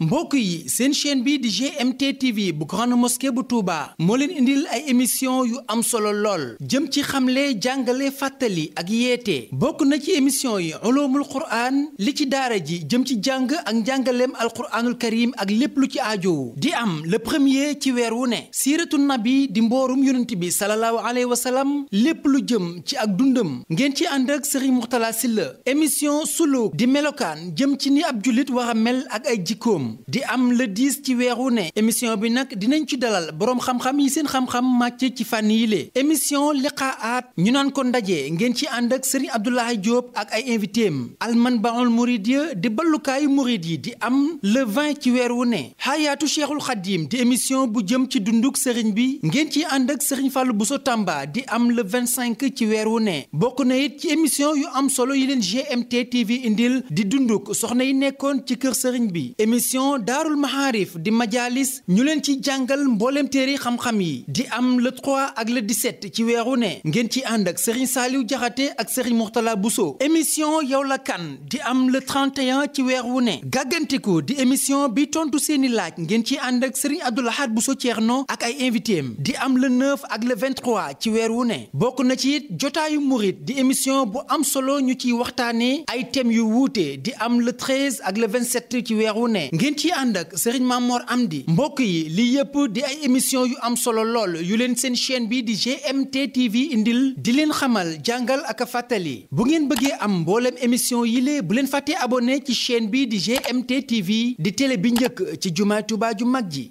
mbokk yi seen chaine bi di GMT TV bu ne Mosquée bu Touba moo leen indil ay émission yu am solo lool jëm ci xamle jàngale fàttali ak yeete bokk na ci émission yi ulumul li ci daara ji jëm ci jàng ak njàngaleem alquraanul karim ak lépp lu ci aajowu di am le premier ci weer wu ne siiratu nabi di mboorum yonent bi salallaahu alayhi wa sallam lépp lu jëm ci ak dundam ngeen ci ànd ak Serigne Mourtala Sylla émission suluk di melokaan jëm ci ni ab jullit war mel ak ay jikkoom di am le 10 ci weeru ne émission bi nag dinañ ci dalal boroom xam-xam yi seen xam-xam màcc ci fànn yi le émission liqaat ñu naan ko ndaje ngeen ci ànd ak Serigne Abdoulaye Diop ak ay invité am Almanbaul Mouridiyyah di ballukaayu murid yi di am le 20 ci wu ne xaayaatu Cheikhul Khadim di émission bu jëm ci dunduk sëriñ bi ngeen ci ànd ak Serigne Fallou Bousso Tamba di am le 25 ci wu ne bokk na it ci émission yu am solo yi leen GMT TV indil di dunduk soxna yi nekkoon ci kër sëriñ bi fondation daarul maharif di majalis ñu leen ci jàngal mbooleem téere xam yi di am le 3 ak le 17 ci weeru ne ngeen ci ànd ak Serigne Saliou Diakhaté ak Serigne Mourtala Bousso émission yow la kan di am le 31 ci weeru ne gàggantiku di émission bi tontu seeni laaj ngeen ci ànd ak Serigne Abdou Lahad Bousso Thierno ak ay invité am di am le 9 ak le 23 ci weeru ne bokk na ci it jotaayu murit di émission bu am solo ñu ciy waxtaanee ay thèmes yu wuute di am le 13 ak le 27 ci weeru ne ngeen ci ànd ak Serigne am di mbokk yi lii yëpp di ay émission yu am solo lool yu leen seen chaine bi di GMT TV indil di leen xamal jàngal ak fàttali bu ngeen bëggee am mboolem émission yi bu leen fàttee abonné ci chaine bi di GMT TV di télé bi njëkk ci jumaay Tuubaa ju mag ji